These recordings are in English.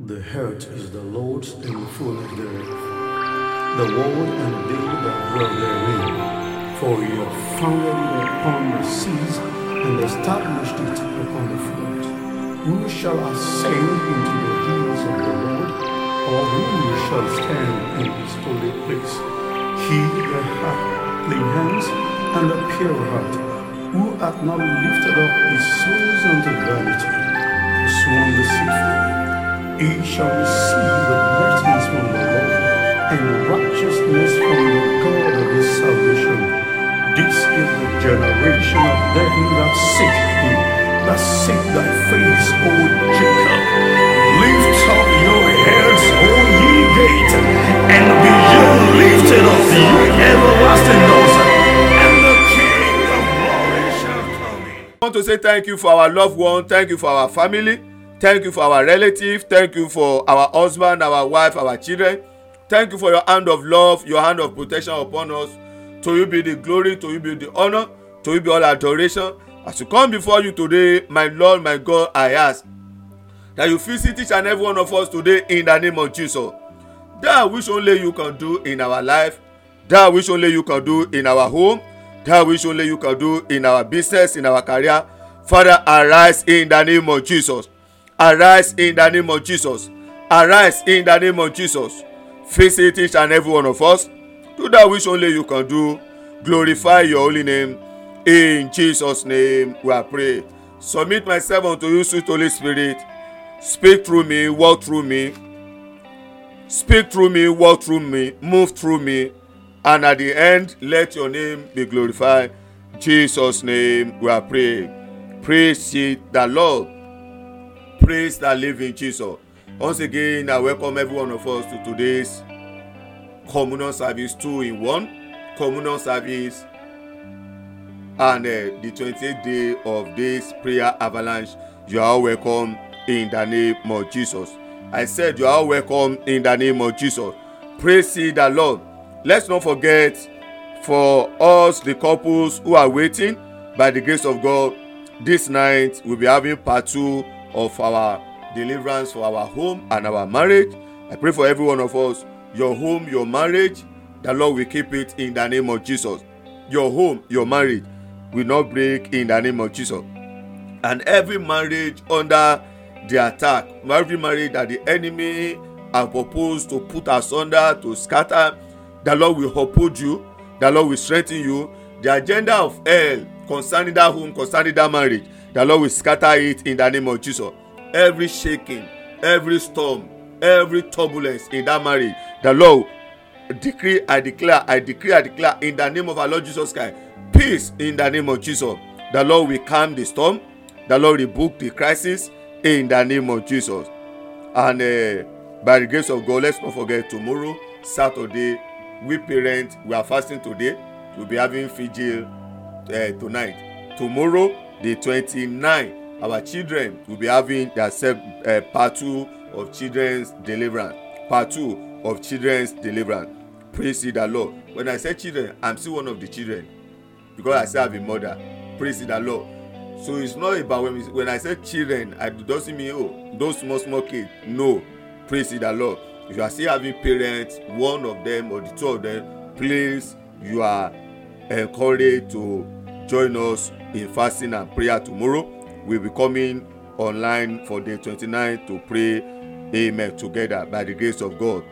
The heart is the Lord's and the fullness thereof, the world and they that dwell therein. For he hath founded it upon the seas and established it upon the flood. Who shall ascend into the hills of the Lord, or who shall stand in his holy place? He that hath clean hands and a pure heart, who hath not lifted up his souls unto vanity, sworn deceitfully you shall receive the blessings from the Lord and righteousness from the God of his salvation. This is the generation of them that seek thee, that seek thy face, O Jacob. Lift up your heads, O ye gate, and be ye lifted up, ye everlasting doors. and the King of glory shall come in. I want to say thank you for our loved one, thank you for our family. Thank you for our relative. Thank you for our husband, our wife, our children. Thank you for your hand of love, your hand of protection upon us. To you be the glory, to you be the honor, to you be all adoration. As we come before you today, my Lord, my God, I ask that you visit each and every one of us today in the name of Jesus. That which only you can do in our life, that which only you can do in our home, that which only you can do in our business, in our career. Father, arise in the name of Jesus. Arise in the name of Jesus. Arise in the name of Jesus. it each and every one of us. Do that which only you can do. Glorify your holy name. In Jesus' name we are praying. Submit myself unto you, sweet Holy Spirit. Speak through me, walk through me. Speak through me, walk through me, move through me. And at the end, let your name be glorified. Jesus' name we are Praise ye the Lord. praise the living Jesus. Once again, I welcome every one of us to today's communal service two in one communal service, and uh, the 28th day of this prayer avalanche. You are welcome in the name of Jesus. I said, You are welcome in the name of Jesus. Praise the Lord. Let's not forget for us, the couples who are waiting, by the grace of God, this night we'll be having part two of our deliverance for our home and our marriage. I pray for every one of us, your home, your marriage, the Lord will keep it in the name of Jesus. Your home, your marriage will not break in the name of Jesus. And every marriage under the attack, every marriage that the enemy has proposed to put asunder, to scatter, the Lord will uphold you, the Lord will strengthen you. The agenda of hell concerning that home, concerning that marriage, The Lord will scatter it in the name of Jesus. Every shaking, every storm, every turbulence in that marriage, the Lord decree, I declare, I declare, I declare in the name of our Lord Jesus Christ, peace in the name of Jesus. The Lord will calm the storm. The Lord will book the crisis in the name of Jesus. And uh, by the grace of God, let's not forget tomorrow, Saturday, we parents, we are fasting today. We'll be having vigil uh, tonight. Tomorrow, the twenty-nine our children will be having their self uh, eh, part two of children's deliverance part two of children's deliverance praise the lord when i say children i'm still one of the children because i still have a mother praise the lord so it's not about when, when i say children i doesn't mean oh those small small kids no praise the lord if you are still having parents one of them or the two of them please you are encouraged to join us in fasting and prayer tomorrow. We'll be coming online for day 29 to pray amen together by the grace of God.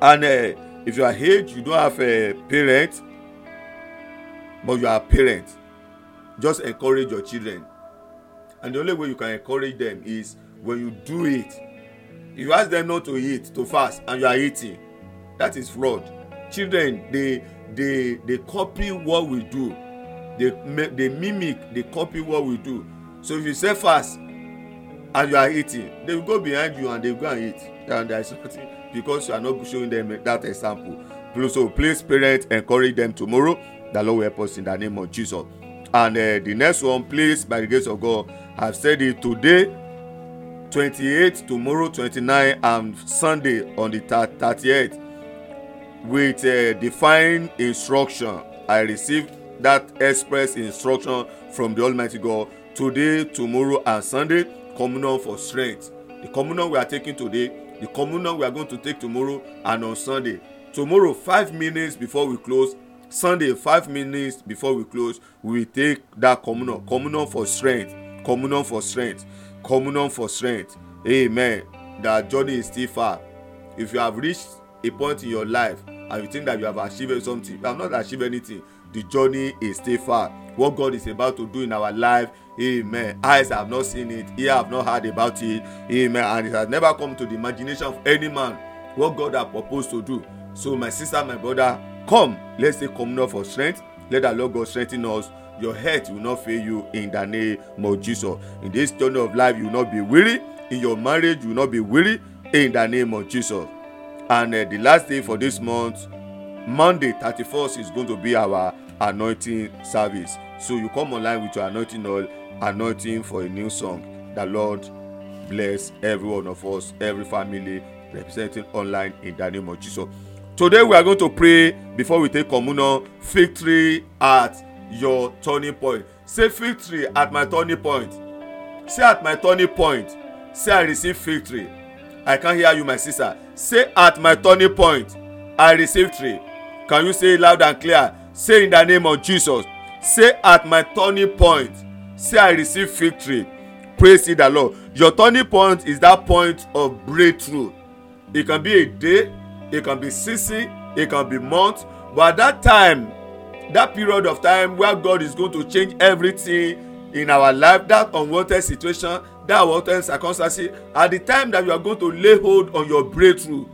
And uh, if you are aged, you don't have a uh, parent, but you are a parent, just encourage your children. And the only way you can encourage them is when you do it. If you ask them not to eat, to fast, and you are eating, that is fraud. Children, they they they copy what we do they make they mimic they copy what we do so if you sell fast and you are eating they go behind you and they go and eat and there is nothing because you are not showing them that example so please parents encourage them tomorrow the lord will help us in the name of jesus and uh, the next one please by the grace of god i have said it today twenty-eight tomorrow twenty-nine and sunday on the thirtieth with uh, defined instruction i received that express instruction from the almighty god today tomorrow and sunday communion for strength the communion we are taking today the communion we are going to take tomorrow and on sunday tomorrow five minutes before we close sunday five minutes before we close we take that communion communion for strength communion for strength communion for strength amen that journey is still far if you have reached a point in your life and you think that you have achieved something you have not achieved anything the journey is still far what god is about to do in our life amen eyes have not seen it ear have not heard about it amen and it has never come to the imagination of any man what god has proposed to do so my sister my brother come let's take communion for strength let our lord god strengthen us your health will not fail you in the name of jesus in this journey of life you will not be weary in your marriage you will not be weary in the name of jesus and uh, the last day for this month monday 31st is going to be our anointing service so you come online with your anointing oil anointing for a new song the lord bless every one of us every family representing online in the name of jesus today we are going to pray before we take communion victory at your turning point say victory at my turning point say at my turning point say i receive victory i can't hear you my sister say at my turning point i receive victory Can you say it loud and clear? Say in the name of Jesus. Say at my turning point. Say I receive victory. Praise ye the Lord. Your turning point is that point of breakthrough. It can be a day, it can be season, it can be month, but at that time, that period of time where God is going to change everything in our life, that unwanted situation, that unwanted circumstance, at the time that you are going to lay hold on your breakthrough,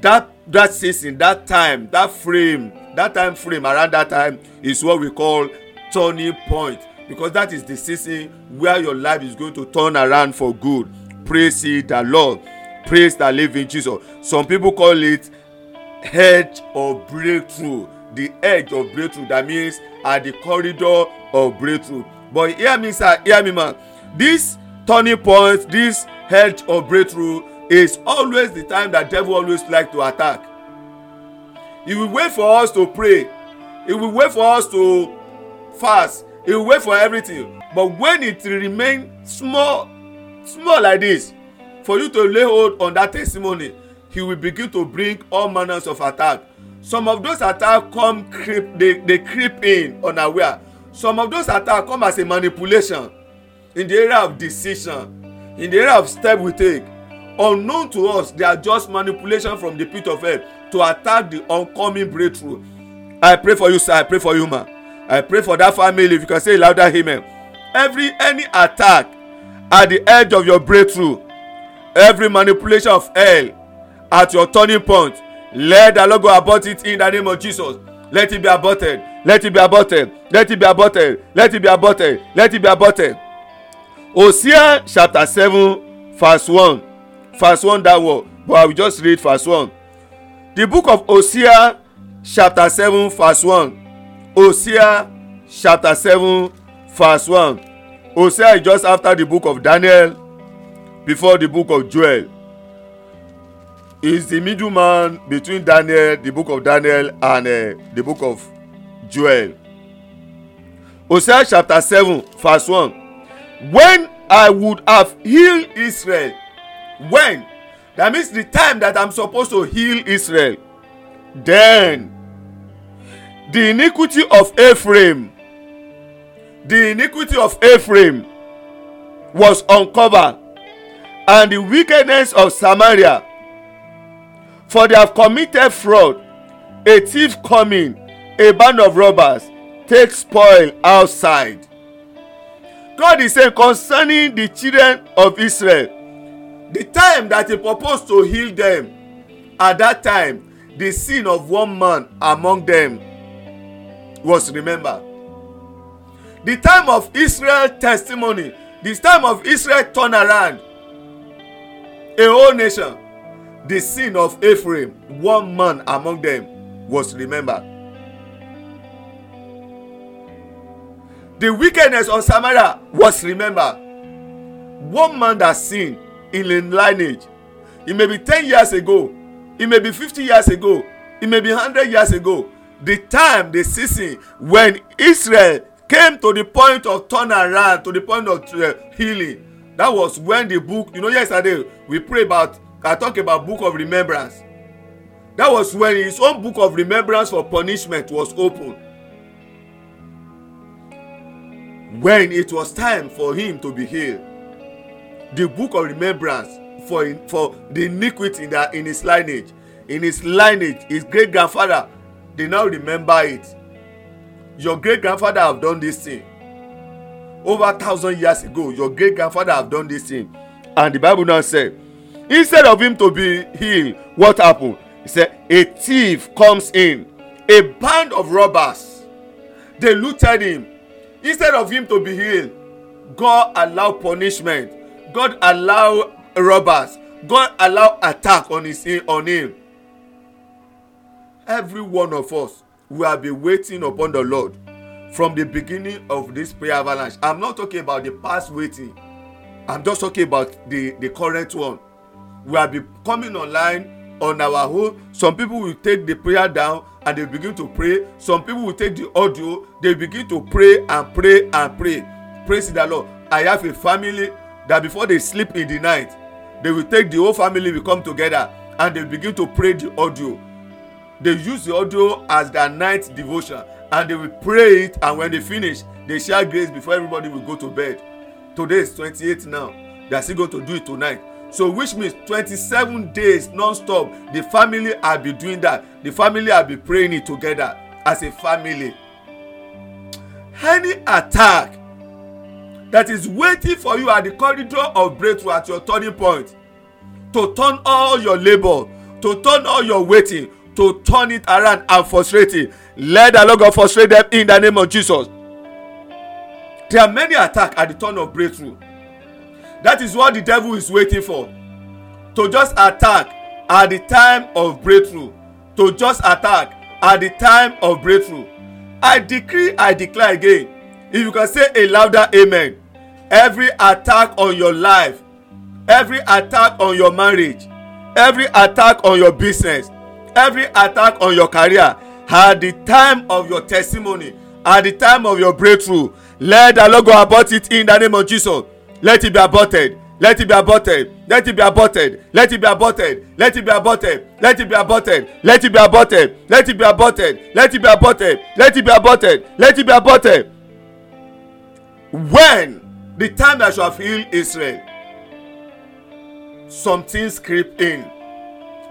that that season that time that frame that time frame around that time is what we call turning point because that is the season where your life is going to turn around for good praise ye the lord praise the living jesus some people call it edge of breakthrough the edge of breakthrough that means at the corridor of breakthrough but hear me sir hear me ma this turning point this edge of breakthrough is always the time that devil always like to attack he will wait for us to pray he will wait for us to fast he will wait for everything but when it remain small small like this for you to lay hold on that testimony he will begin to bring all manners of attack some of those attack come creep they they creep in unaware some of those attack come as a manipulation in the area of decision in the area of step we take unknown to us they are just manipulation from the pit of hell to attack the oncoming breakthrough i pray for you sir i pray for you ma i pray for that family if you can say louder amen every any attack at the edge of your breakthrough every manipulation of hell at your turning point let the lord go abort it in the name of jesus let it be aborted let it be aborted let it be aborted let it be aborted let it be aborted hosea chapter seven verse one verse one downward but i will just read verse one the book of hosea chapter seven verse one hosea chapter seven verse one hosea is just after the book of daniel before the book of joel he is the middle man between daniel the book of daniel and uh, the book of joel hosea chapter seven verse one when i would have healed israel when that means the time that i'm supposed to heal israel then the iniquity of ephraim the iniquity of ephraim was uncovered and the wickedness of samaria for they have committed fraud a thief coming a band of robbers take spoil outside god is saying concerning the children of israel the time that he proposed to heal them, at that time, the sin of one man among them was remembered. The time of Israel's testimony, the time of Israel turnaround, a whole nation, the sin of Ephraim, one man among them was remembered. The wickedness of Samaria was remembered. One man that sinned in lineage. It may be 10 years ago, it may be 50 years ago, it may be 100 years ago. The time, the season when Israel came to the point of turnaround, to the point of uh, healing, that was when the book, you know, yesterday we pray about, I talk about book of remembrance. That was when his own book of remembrance for punishment was opened. When it was time for him to be healed the book of remembrance for in, for the iniquity in, in his lineage in his lineage his great grandfather they now remember it your great grandfather have done this thing over thousand years ago your great grandfather have done this thing and the bible now say instead of him to be healed what happen he say a thief comes in a band of robbers they looted him instead of him to be healed god allow punishment God allow robbers. God allow attack on his on him. Every one of us we have been waiting upon the Lord from the beginning of this prayer avalanche. I'm not talking about the past waiting. I'm just talking about the the current one. We have been coming online on our own. Some people will take the prayer down and they begin to pray. Some people will take the audio. They begin to pray and pray and pray. Praise the Lord. I have a family that before they sleep in the night they will take the whole family will come together and they begin to pray the audio they use the audio as their night devotion and they will pray it and when they finish they share grace before everybody will go to bed today is twenty-eight now they are still going to do it tonight so which means twenty-seven days non-stop the family are be doing that the family are be praying it together as a family any attack that is waiting for you at the corridor of breakthrough at your turning point to turn all your labour to turn all your waiting to turn it around and frustrate it let the lord frustrate them in the name of jesus there are many attacks at the turn of breakthrough that is what the devil is waiting for to just attack at the time of breakthrough to just attack at the time of breakthrough i decree i declare again if you can say a louder amen every attack on your life every attack on your marriage every attack on your business every attack on your career at the time of your testimony at the time of your breakthrough let the logo abort it in the name of jesus let it be aborted let it be aborted let it be aborted let it be aborted let it be aborted let it be aborted let it be aborted let it be aborted let it be aborted let it be aborted let it be aborted. when the time that shall heal israel something creep in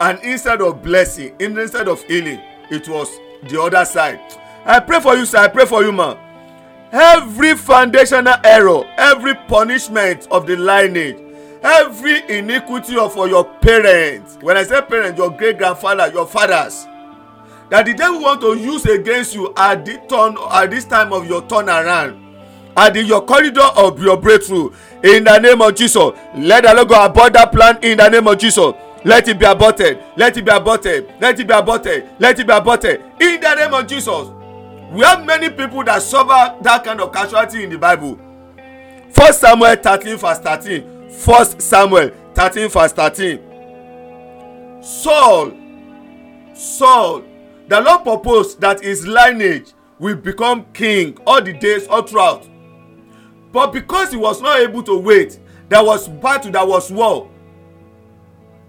and instead of blessing instead of healing it was the other side i pray for you sir i pray for you ma every foundational error every punishment of the lineage every iniquity of for your parents when i say parents your great grandfather your fathers that the devil want to use against you at turn at this time of your turn around and in your corridor of your breakthrough in the name of jesus let the logo abort that plan in the name of jesus let it be aborted let it be aborted let it be aborted let it be aborted in the name of jesus we have many people that suffer that kind of casualty in the bible first samuel thirteen verse thirteen first samuel thirteen verse thirteen saul saul the lord proposed that his lineage will become king all the days all throughout But because he was not able to wait, there was battle, there was war.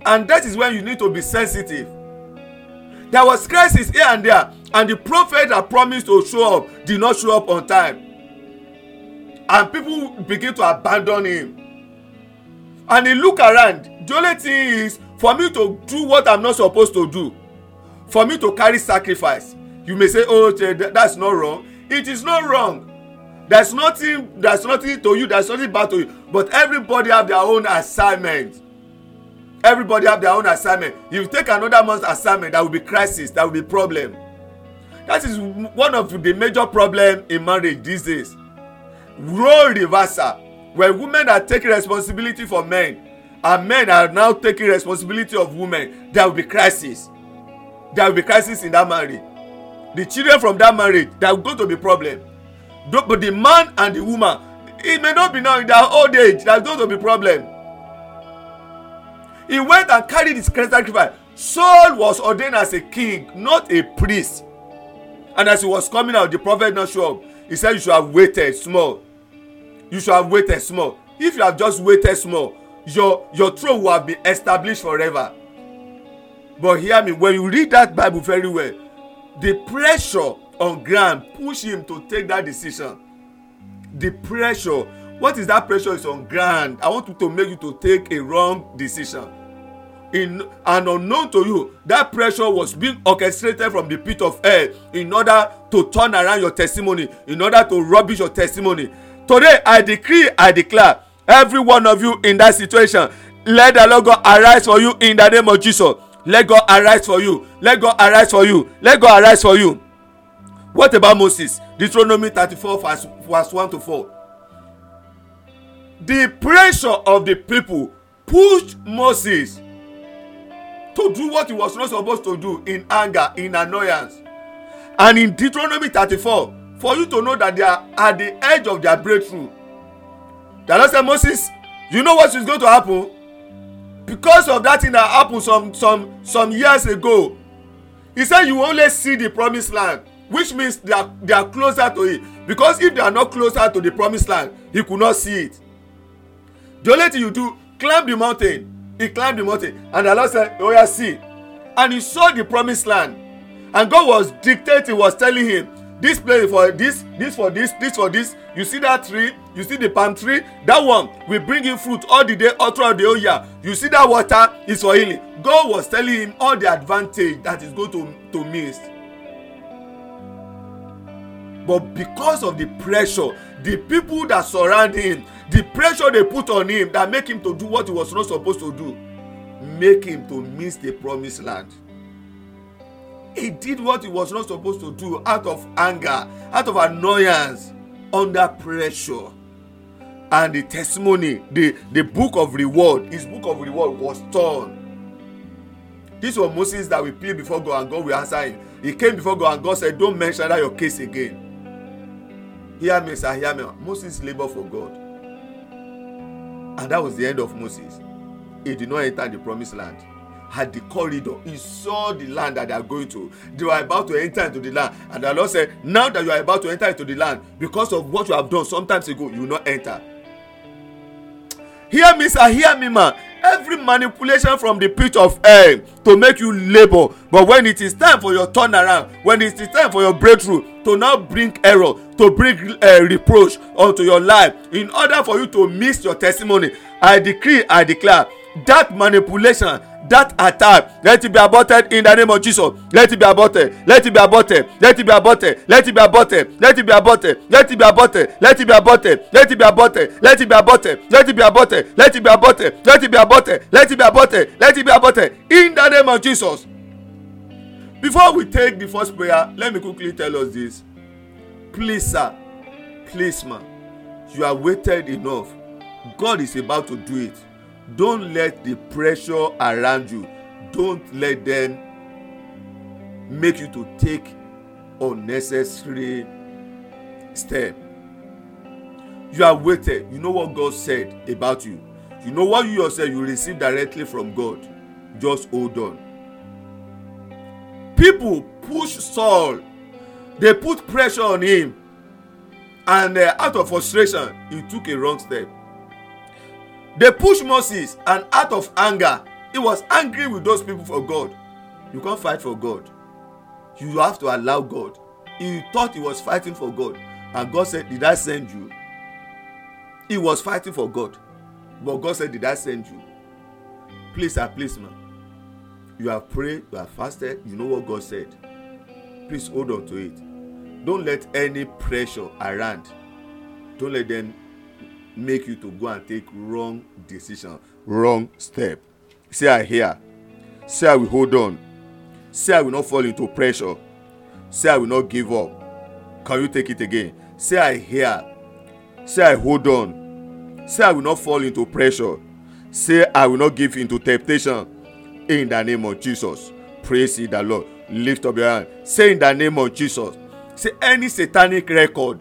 And that is when you need to be sensitive. There was crisis here and there, and the prophet that promised to show up did not show up on time. And people begin to abandon him. And he look around. The only thing is for me to do what I'm not supposed to do. For me to carry sacrifice. You may say, oh, that's not wrong. It is not wrong there's nothing there's nothing to you there's nothing bad to you but everybody have their own assignment everybody have their own assignment if you take another month's assignment that will be crisis that will be problem that is one of the major problem in marriage these days role reversal when women are taking responsibility for men and men are now taking responsibility of women there will be crisis there will be crisis in that marriage the children from that marriage there will go to be problem but the man and the woman it may not be now in their old age that going to be problem he went and carried his christ sacrifice saul was ordained as a king not a priest and as he was coming out the prophet not show up he said you should have waited small you should have waited small if you have just waited small your your throne will have been established forever but hear me when you read that bible very well the pressure on ground push him to take that decision the pressure what is that pressure is on ground i want to, to make you to take a wrong decision in and unknown to you that pressure was being orchestrated from the pit of hell in order to turn around your testimony in order to rubbish your testimony today i decree i declare every one of you in that situation let the lord god arise for you in the name of jesus let god arise for you let god arise for you let god arise for you. what about moses deuteronomy thirty-four verse, one to four the pressure of the people pushed moses to do what he was not supposed to do in anger in annoyance and in deuteronomy thirty-four for you to know that they are at the edge of their breakthrough the lord said moses you know what is going to happen because of that thing that happened some some some years ago he said you only see the promised land which means they are they are closer to it because if they are not closer to the promised land he could not see it the only thing you do climb the mountain he climb the mountain and the lord say oya oh, see and he saw the promised land and god was dictating was telling him this place for this this for this this for this you see that tree you see the palm tree that one will bring in fruit all the day all throughout the whole year you see that water is for healing god was telling him all the advantage that is going to to miss but because of the pressure the people that surround him the pressure they put on him that make him to do what he was not supposed to do make him to miss the promised land he did what he was not supposed to do out of anger out of annoyance under pressure and the testimony the the book of reward his book of reward was torn this was moses that we plead before god and god will answer him he came before god and god said don't mention that your case again Hear me, sir, hear me. Moses labored for God. And that was the end of Moses. He did not enter the promised land. Had the corridor, he saw the land that they are going to. They were about to enter into the land. And the Lord said, Now that you are about to enter into the land, because of what you have done sometimes ago, you will not enter. Hear me, sir, hear me, man every manipulation from the pit of hell to make you labour but when it is time for your turnaround when it is time for your breakthrough to now bring error to bring uh, reproach onto your life in order for you to miss your testimony i declare i declare that manipulation that attack let it be aborted in the name of jesus let it be aborted let it be aborted let it be aborted let it be aborted let it be aborted let it be aborted let it be aborted let it be aborted let it be aborted let it be aborted let it be aborted let it be aborted let it be aborted let it be aborted in the name of jesus before we take the first prayer let me quickly tell us this please sir please ma you have waited enough god is about to do it Don't let the pressure around you, don't let them make you to take unnecessary step. You have waited. You know what God said about you. You know what you yourself you receive directly from God. Just hold on. People push Saul. They put pressure on him. And uh, out of frustration, he took a wrong step. They pushed Moses, and out of anger, he was angry with those people for God. You can't fight for God. You have to allow God. He thought he was fighting for God, and God said, Did I send you? He was fighting for God, but God said, Did I send you? Please I please, man. You have prayed, you have fasted, you know what God said. Please hold on to it. Don't let any pressure around, don't let them make you to go and take wrong decision wrong step say i hear say i will hold on say i will not fall into pressure say i will not give up can you take it again say i hear say i hold on say i will not fall into pressure say i will not give into temptation in the name of jesus praise the lord lift up your hand say in the name of jesus say any satanic record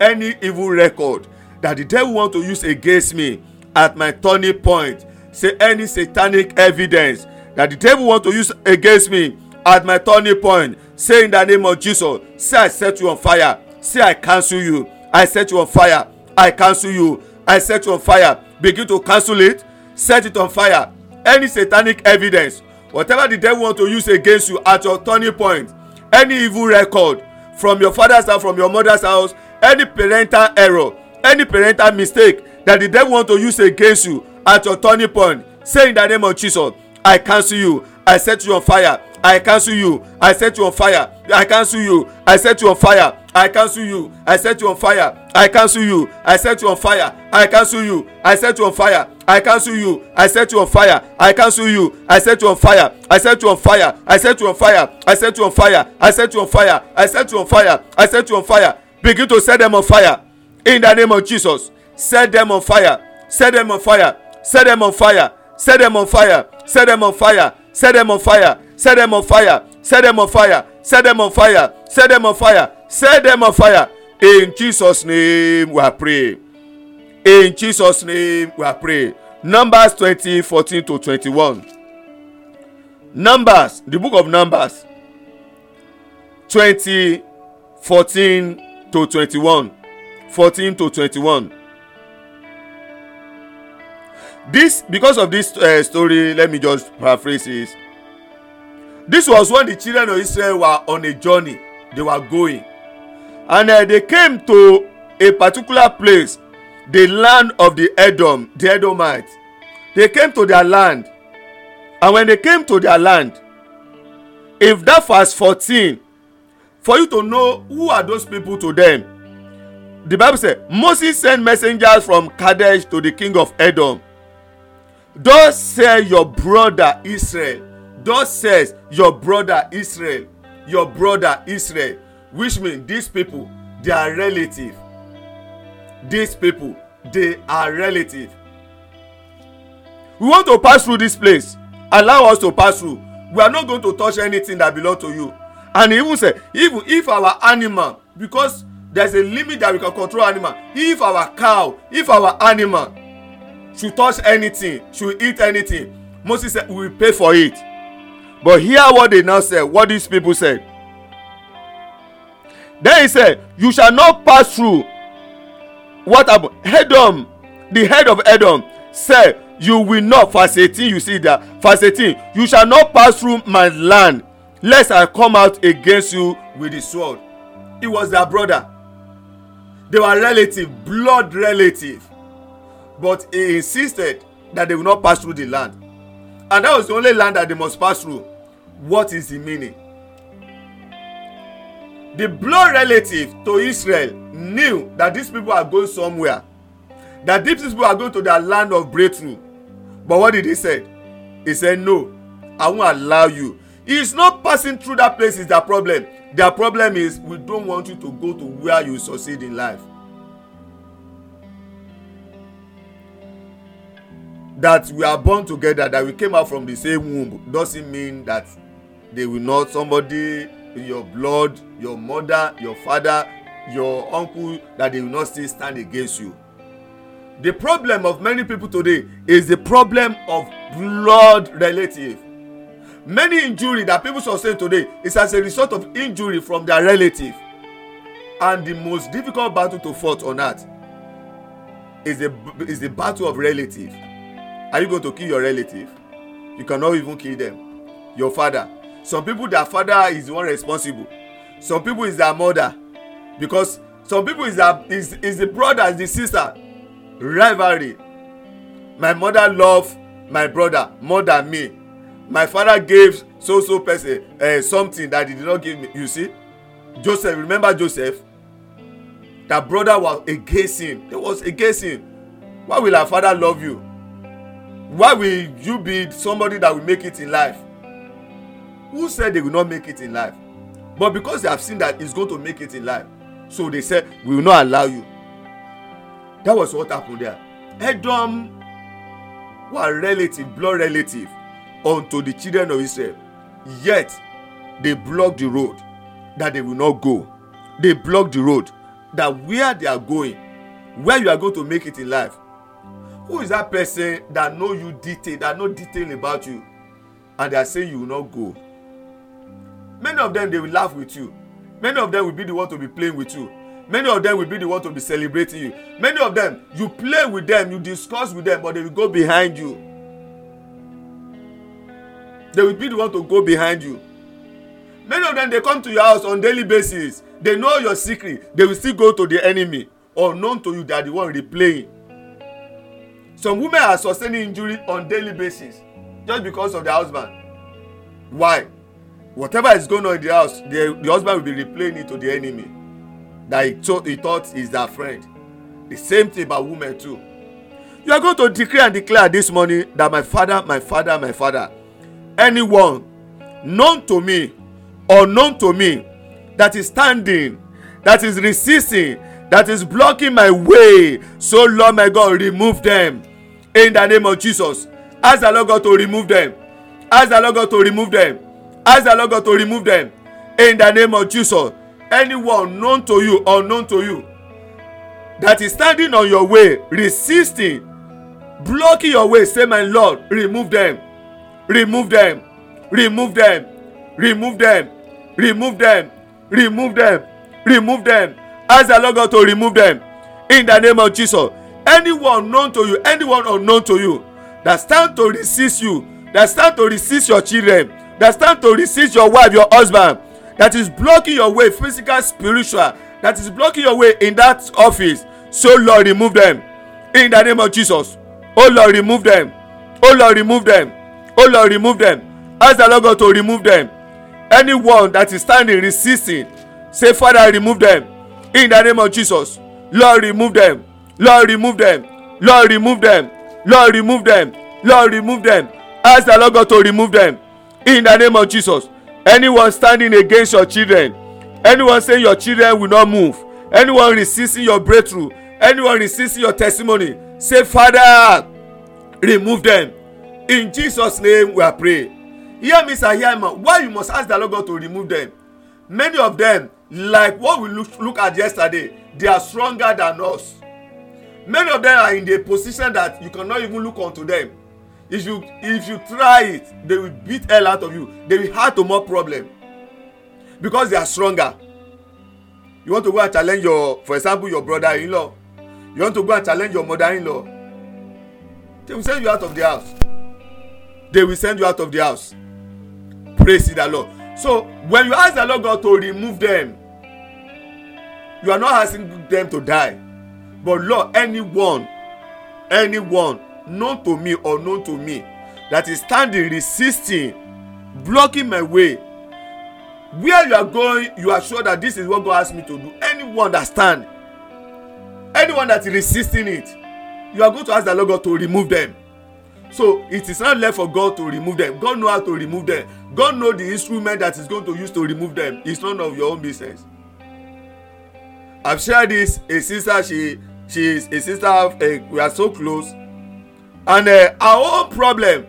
any evil record that the devil want to use against me at my turning point say any satanic evidence that the devil want to use against me at my turning point say in the name of jesus say i set you on fire say i cancel you i set you on fire i cancel you i set you on fire begin to cancel it set it on fire any satanic evidence whatever the devil want to use against you at your turning point any evil record from your father's house from your mother's house any parental error any parental mistake that the devil want to use against you at your turning point say in the name of jesus i cancel you i set you on fire i cancel you i set you on fire i cancel you i set you on fire i cancel you i set you on fire i cancel you i set you on fire i cancel you i set you on fire i cancel you i set you on fire i cancel you i set you on fire i set you on fire i set you on fire i set you on fire i set you on fire i set you on fire i set you on fire begin to set them on fire in the name of jesus set them on fire set them on fire set them on fire set them on fire set them on fire set them on fire set them on fire set them on fire set them on fire set them on fire set them on fire in jesus name we pray. in jesus name we pray. numbers twenty fourteen to twenty-one numbers the book of numbers twenty fourteen to twenty-one fourteen to twenty-one this because of this uh, story let me just paraphrase this. this was when the children of israel were on a journey they were going and uh, they came to a particular place the land of the edom the edomites they came to their land and when they came to their land if that was fourteen for you to know who are those people to them the bible say moses sent messengers from kadesh to the king of edom thus says your brother israel thus says your brother israel your brother israel which mean these people they are relative these people they are relative we want to pass through this place allow us to pass through we are not going to touch anything that belong to you and even say even if our animal because there is a limit that we can control animal if our cow if our animal should touch anything should eat anything moses said we will pay for it but hear what they now say. what these people said then he said you shall not pass through what about edom the head of edom said you will not verse eighteen you see that verse eighteen you shall not pass through my land lest i come out against you with the sword he was their brother they were relative blood relative but he insisted that they will not pass through the land and that was the only land that they must pass through what is the meaning the blood relative to israel knew that these people are going somewhere that these people are going to their land of breakthrough but what did he say he said no i won't allow you he is not passing through that place is their problem their problem is we don't want you to go to where you succeed in life that we are born together that we came out from the same womb doesn't mean that they will not somebody your blood your mother your father your uncle that they will not still stand against you the problem of many people today is the problem of blood relative many injury that people sustain today is as a result of injury from their relative and the most difficult battle to fight on earth is the is the battle of relative Are you going to kill your relative? You cannot even kill them. Your father. Some people, their father is the one responsible. Some people is their mother. Because some people is their is, is the brother, is the sister. Rivalry. My mother love my brother more than me. My father gave so so person uh, something that he did not give me. You see? Joseph, remember Joseph? That brother was against him. He was against him. Why will our father love you? why will you be somebody that will make it in life who said they will not make it in life but because they have seen that he's going to make it in life so they said we will not allow you that was what happened there edom were relative blood relative unto the children of israel yet they block the road that they will not go they block the road that where they are going where you are going to make it in life who is that person that know you detail that know detail about you and they are saying you will not go many of them they will laugh with you many of them will be the one to be playing with you many of them will be the one to be celebrating you many of them you play with them you discuss with them but they will go behind you they will be the one to go behind you many of them they come to your house on daily basis they know your secret they will still go to the enemy unknown to you they are the one replaying some women are sustaining injury on daily basis just because of their husband why whatever is going on in the house the, the husband will be replaying it to the enemy that he, thought, he thought is their friend the same thing about women too you are going to declare and declare this morning that my father my father my father anyone known to me or known to me that is standing that is resisting that is blocking my way so lord my god remove them in the name of Jesus. Ask the Lord God to remove them. Ask the Lord God to remove them. Ask the Lord God to remove them in the name of Jesus. Anyone known to you, unknown to you, that is standing on your way, resisting, blocking your way, say, My Lord, remove them, remove them, remove them, remove them, remove them, remove them, remove them. Ask the Lord God to remove them in the name of Jesus anyone known to you anyone unknown to you that stand to resist you that stand to resist your children that stand to resist your wife your husband that is blocking your way physical spiritual that is blocking your way in that office so lord remove them in the name of jesus oh lord remove them oh lord remove them oh lord remove them ask the lord god to remove them anyone that is standing resisting say father remove them in the name of jesus lord remove them Lord, remove them. Lord, remove them. Lord, remove them. Lord, remove them. Ask the Lord God to remove them. In the name of Jesus. Anyone standing against your children, anyone saying your children will not move, anyone resisting your breakthrough, anyone resisting your testimony, say, Father, remove them. In Jesus' name we are praying. Hear me, sir, hear me. Why you must ask the Lord God to remove them? Many of them, like what we look, look at yesterday, they are stronger than us many of them are in the position that you cannot even look unto them if you if you try it they will beat hell out of you they will add to more problem because they are stronger you want to go and challenge your for example your brother-in-law you want to go and challenge your mother-in-law they will send you out of the house they will send you out of the house praise the lord so when you ask the lord god to remove them you are not asking them to die But Lord, anyone, anyone known to me or known to me that is standing, resisting, blocking my way, where you are going, you are sure that this is what God asked me to do. Anyone that stand, anyone that is resisting it, you are going to ask the Lord God to remove them. So it is not left for God to remove them. God know how to remove them. God know the instrument that is going to use to remove them. It's none of your own business. I've shared this. A sister she she is a sister of eh, we are so close and uh, her own problem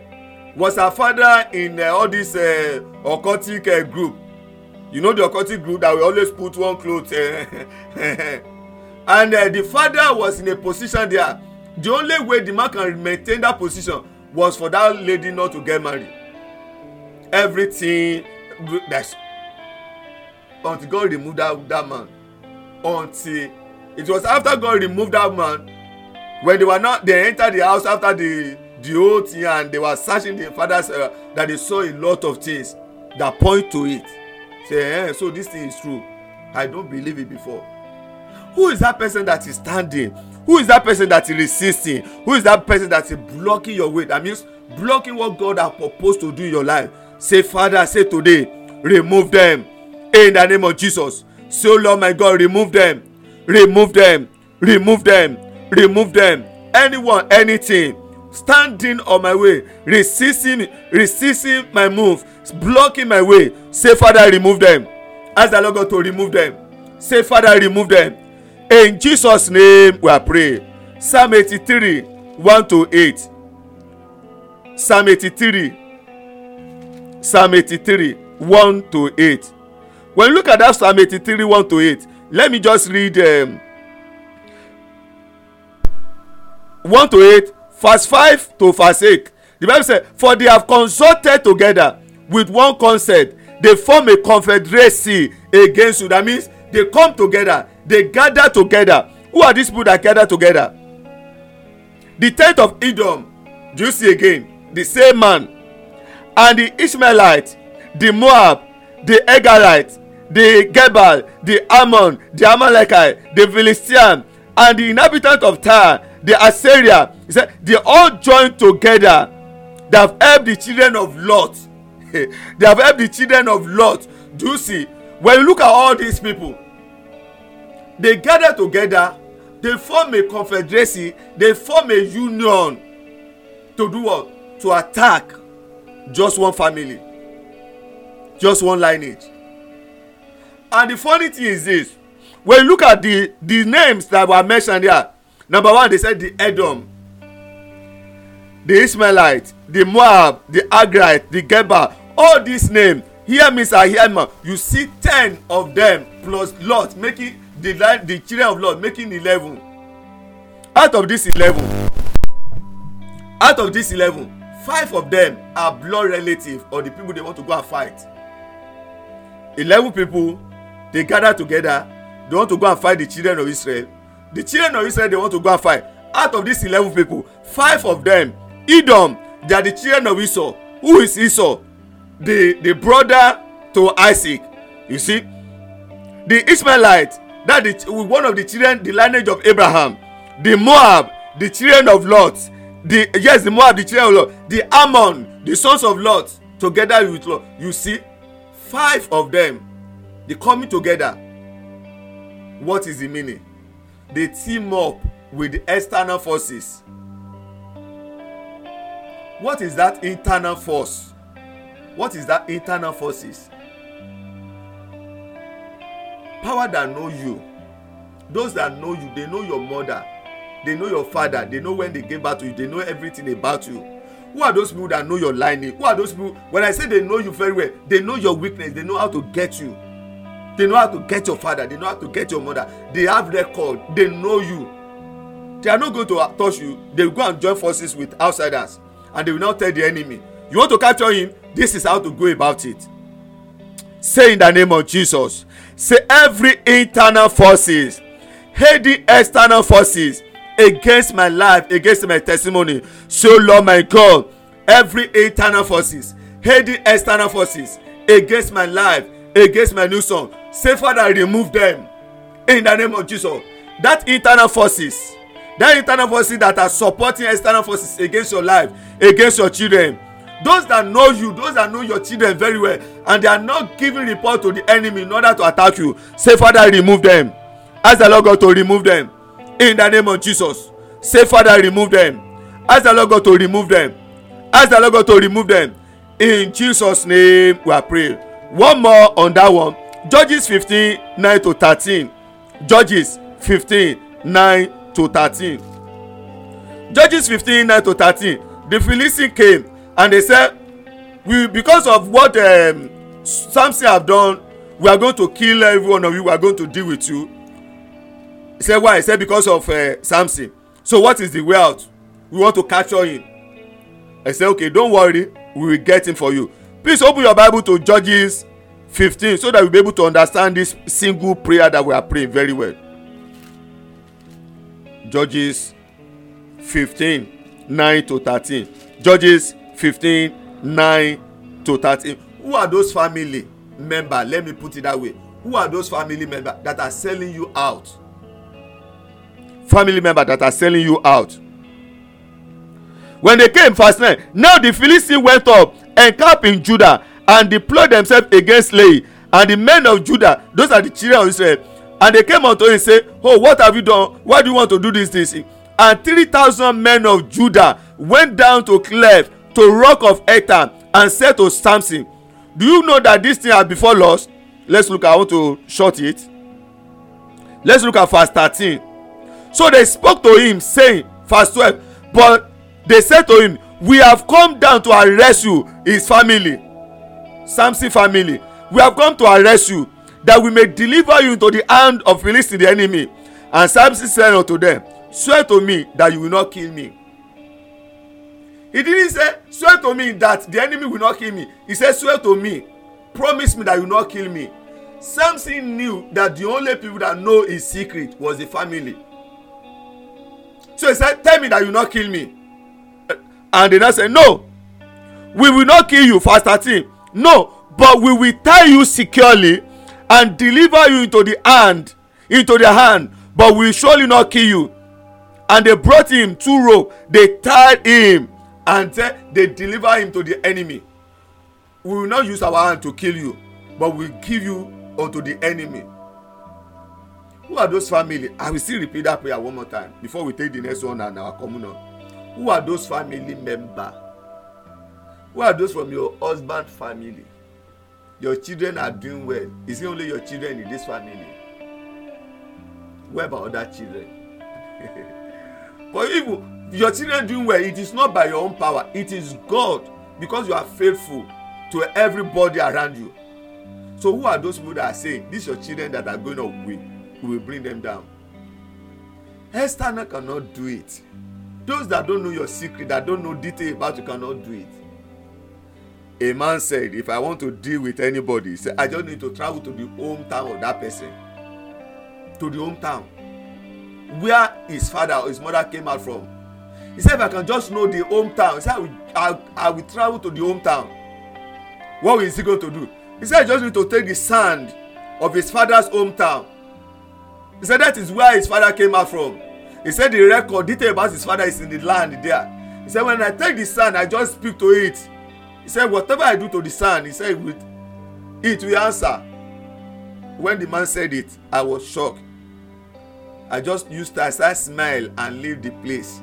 was her father in uh, all this uh, occultic uh, group you know the occultic group that we always put one cloth uh, and uh, the father was in a position there the only way the man can maintain that position was for that lady not to get married everything that's until God remove that that man until it was after god removed that man when they were not they entered the house after the the whole thing and they were searching the father's uh, that they saw a lot of things that point to it say eh so this thing is true i don't believe it before who is that person that is standing who is that person that is resisting who is that person that is blocking your way that means blocking what god has proposed to do in your life say father say today remove them in the name of jesus so oh lord my god remove them remove them remove them remove them anyone anything standing on my way resisting resisting my move blocking my way say father remove them ask the lord god to remove them say father remove them in jesus name we are psalm eighty-three one to eight psalm eighty-three psalm eighty-three one to eight when you look at that psalm eighty-three one to eight let me just read um, 1 to 8 verse 5 to verse 8 the bible says for they have consulted together with one consent they form a confederacy against you that means they come together they gather together who are these people that gather together the tenth of edom do you see again the same man and the ishmaelite the moab the egarite the Gebal, the Ammon, the Amalekite, the Philistine, and the inhabitant of Tyre, the Assyria. He they all joined together. They have helped the children of Lot. they have helped the children of Lot. Do you see? When you look at all these people, they gather together, they form a confederacy, they form a union to do what? To attack just one family, just one lineage and the funny thing is this when you look at the the names that were mentioned here, number one they said the edom the ismailite the moab the agrite the geba all these names here means i hear ma you see ten of them plus lot making the line the children of lot making eleven out of this eleven out of this eleven five of them are blood relatives or the people they want to go and fight eleven people they gather together they want to go and fight the children of israel the children of israel they want to go and fight out of these eleven people five of them edom they are the children of esau who is esau the the brother to isaac you see the Ishmaelite, that is one of the children the lineage of abraham the moab the children of lot the yes the moab the children of lot the ammon the sons of lot together with lot you see five of them the coming together what is the meaning they team up with the external forces what is that internal force what is that internal forces power that know you those that know you they know your mother they know your father they know when they gave birth to you they know everything about you who are those people that know your lining who are those people when i say they know you very well they know your weakness they know how to get you They know how to get your father. They know how to get your mother. They have record. They know you. They are not going to touch you. They will go and join forces with outsiders. And they will now tell the enemy, You want to capture him? This is how to go about it. Say in the name of Jesus. Say every internal forces, the external forces against my life, against my testimony. So oh Lord my God, every internal forces, the external forces against my life, against my new son Say, Father, remove them in the name of Jesus. That internal forces, that internal forces that are supporting external forces against your life, against your children, those that know you, those that know your children very well, and they are not giving report to the enemy in order to attack you. Say, Father, remove them. Ask the Lord God to remove them in the name of Jesus. Say, Father, remove them. Ask the Lord God to remove them. Ask the Lord God to remove them. In Jesus' name, we are praying. One more on that one judges fifteen nine to thirteen judges fifteen nine to thirteen judges fifteen nine to thirteen the philistines came and they said we because of what um, samson have done we are going to kill every one of you we are going to deal with you he said why he said because of uh, samson so what is the way out we want to capture him i said okay don't worry we will get him for you please open your bible to judges 15 so that we'll be able to understand this single prayer that we are praying very well. Judges 15 9 to 13. Judges 15 9 to 13. Who are those family members? Let me put it that way. Who are those family members that are selling you out? Family members that are selling you out. When they came, verse 9, now the Philistine went up and camped in Judah and deployed themselves against Lehi and the men of Judah those are the children of Israel and they came unto him and say oh what have you done why do you want to do these things and three thousand men of Judah went down to Cleft, to rock of Etam and said to Samson do you know that this thing has before us let's look I want to short it let's look at verse thirteen so they spoke to him saying verse twelve but they said to him we have come down to arrest you his family samson family we have come to arrest you that we may deliver you into the hand of philistine the enemy and samson said unto them swear to me that you will not kill me he didn't say swear to me that the enemy will not kill me he said swear to me promise me that you will not kill me samson knew that the only people that know his secret was the family so he said tell me that you will not kill me and the said no we will not kill you verse thirteen no, but we will tie you securely and deliver you into the hand, into the hand, but we will surely not kill you. And they brought him two rope, they tied him, and they deliver him to the enemy. We will not use our hand to kill you, but we will give you unto the enemy. Who are those family? I will still repeat that prayer one more time before we take the next one and our communion. Who are those family member? who are those from your husband family your children are doing well is it only your children in this family Where about other children but if your children doing well it is not by your own power it is god because you are faithful to everybody around you so who are those people that are saying these your children that are going away we will bring them down external cannot do it those that don't know your secret that don't know detail about you cannot do it a man said if i want to deal with anybody he said i just need to travel to the hometown of that person to the hometown where his father or his mother came out from he said if i can just know the hometown he said i will i, I will travel to the hometown what is he going to do he said i just need to take the sand of his father's hometown he said that is where his father came out from he said the record detail about his father is in the land there he said when i take the sand i just speak to it He said, Whatever I do to the son, he said, It will answer. When the man said it, I was shocked. I just used to as smile and leave the place.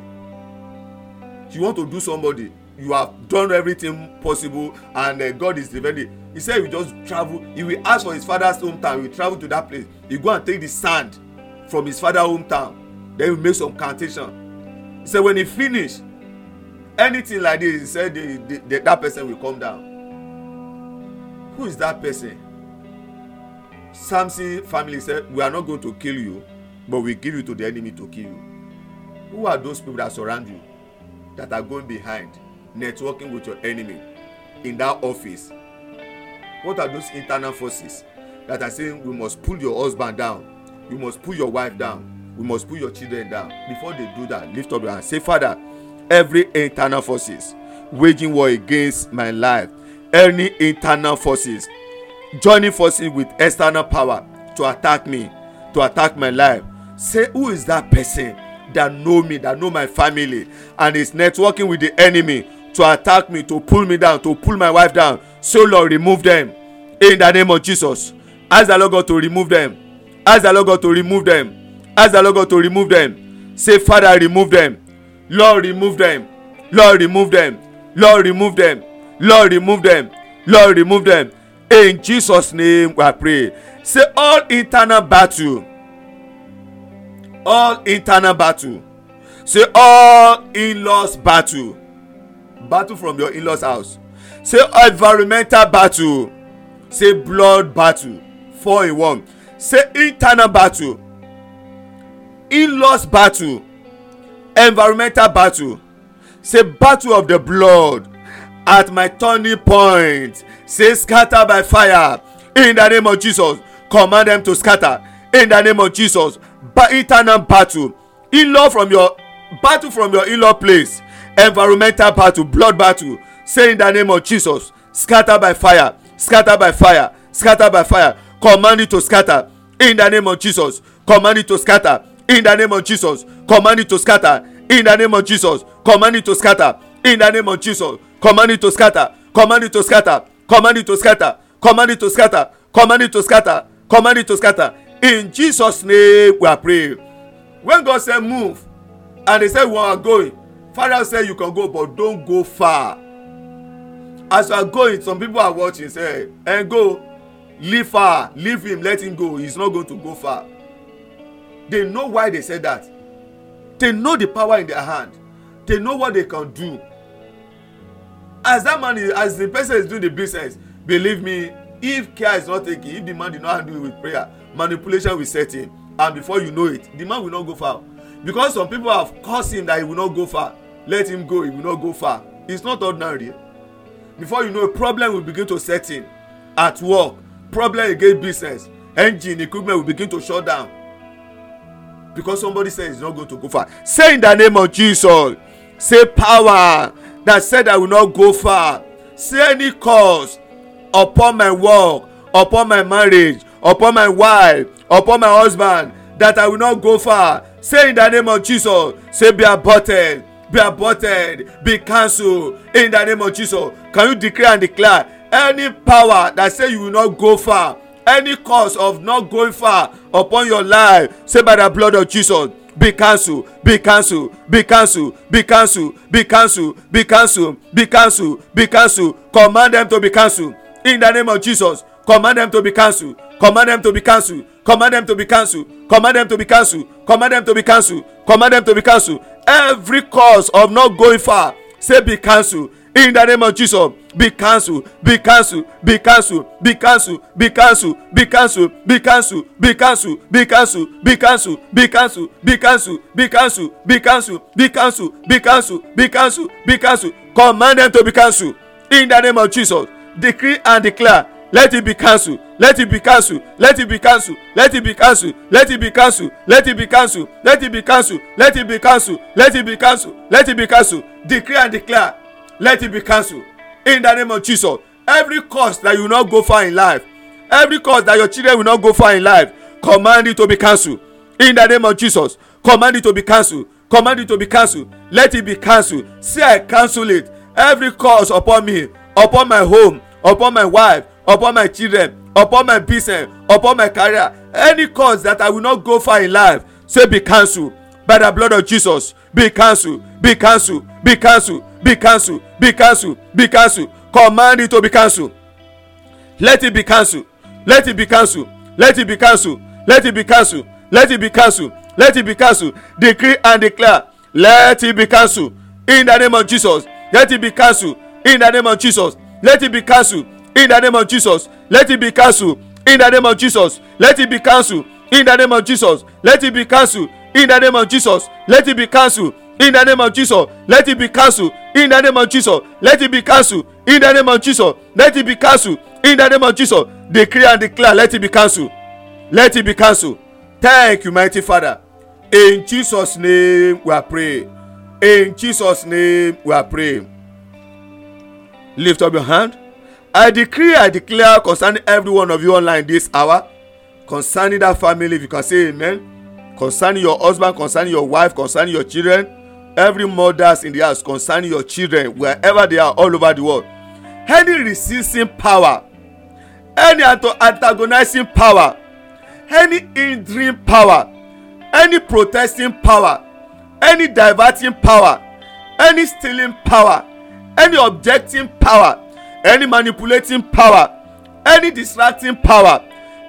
You want to do somebody, you have done everything possible, and uh, God is defending. He said, You just travel. He will ask for his father's hometown. He will travel to that place. He go and take the sand from his father's hometown. Then he make some plantation. He said, When he finish." anything like this he said the, the, the, that person will come down who is that person samson family said we are not going to kill you but we give you to the enemy to kill you who are those people that surround you that are going behind networking with your enemy in that office what are those internal forces that are saying we must pull your husband down you must pull your wife down we must pull your children down before they do that lift up your hand say father every internal forces waging war against my life any internal forces joining forces with external power to attack me to attack my life say who is that person that know me that know my family and is networking with the enemy to attack me to pull me down to pull my wife down so lord remove them in the name of jesus ask the lord god to remove them ask the lord god to remove them ask the lord god to remove them say father remove them Lord, remove them. Lord, remove them. Lord, remove them. Lord, remove them. Lord, remove them. In Jesus' name, I pray. Say, all internal battle. All internal battle. Say, all in laws battle. Battle from your in laws house. Say, environmental battle. Say, blood battle. 4 in 1. Say, internal battle. In laws battle environmental battle say battle of the blood at my turning point say scatter by fire in the name of jesus command them to scatter in the name of jesus ba internal battle in-law from your battle from your in-law place environmental battle blood battle say in the name of jesus scatter by fire scatter by fire scatter by fire command it to scatter in the name of jesus command it to scatter in the name of jesus command it to scatter in the name of jesus command it to scatter in the name of jesus command it to scatter command it to scatter command it to scatter command it to scatter command it to scatter command it to scatter in jesus name we are praying when god said move and he said we are going Father said you can go but don't go far as you are going some people are watching say and eh, go leave far leave him let him go he is not going to go far they know why they said that They know the power in their hand. They know what they can do. As that man is, as the person is doing the business, believe me, if care is not taken, if the man did not handle with prayer, manipulation will set in. And before you know it, the man will not go far. Because some people have caused him that he will not go far. Let him go, he will not go far. It's not ordinary. Before you know, a problem will begin to set in at work, problem against business, engine, equipment will begin to shut down because somebody says it's not going to go far say in the name of jesus say power that said i will not go far say any cause upon my work upon my marriage upon my wife upon my husband that i will not go far say in the name of jesus say be aborted be aborted be cancelled in the name of jesus can you declare and declare any power that say you will not go far any cause of not going far upon your life say by the blood of jesus be cancelled be cancelled be cancelled be cancelled be cancelled be cancelled be cancelled be cancelled command them to be cancelled in the name of jesus command them to be cancelled command them to be cancelled command them to be cancelled command them to be cancelled command them to be cancelled command them to be cancelled every cause of not going far say be cancelled in the name of jesus be cancelled be cancelled be cancelled be cancelled be cancelled be cancelled be cancelled be cancelled be cancelled be cancelled be cancelled be cancelled be cancelled be cancelled be cancelled be cancelled be cancelled be cancelled command them to be cancelled in the name of jesus decree and declare let it be cancelled let it be cancelled let it be cancelled let it be cancelled let it be cancelled let it be cancelled let it be cancelled let it be cancelled let it be cancelled let it be cancelled decree and declare let it be cancelled in the name of jesus every cause that you no go far in life every cause that your children will not go far in life command it to be cancelled in the name of jesus command it to be cancelled command it to be cancelled let it be cancelled say i cancel it every cause upon me upon my home upon my wife upon my children upon my business upon my career any cause that i will not go far in life say be cancelled by the blood of jesus be cancelled be cancelled be cancelled be cancelled be cancelled be cancelled command it to be cancelled let it be cancelled let it be cancelled let it be cancelled let it be cancelled let it be cancelled let it be cancelled decree and declare let it be cancelled in the name of jesus let it be cancelled in the name of jesus let it be cancelled in the name of jesus let it be cancelled in the name of jesus let it be cancelled in the name of jesus let it be cancelled in the name of jesus let it be cancelled in the name of Jesus. Let it be cancelled in the name of Jesus. Let it be cancelled in the name of Jesus. Let it be cancelled in the name of Jesus. Decree and declare, let it be cancelled. Let it be cancelled. Thank you, mighty Father. In Jesus' name we are praying. In Jesus' name we are praying. Lift up your hand. I decree, I declare concerning every one of you online this hour, concerning that family, if you can say amen, concerning your husband, concerning your wife, concerning your children, every mothers in the house concerning your children wherever they are all over the world any resisting power any antagonizing power any hindering power any protesting power any diverting power any stealing power any objecting power any manipulating power any distracting power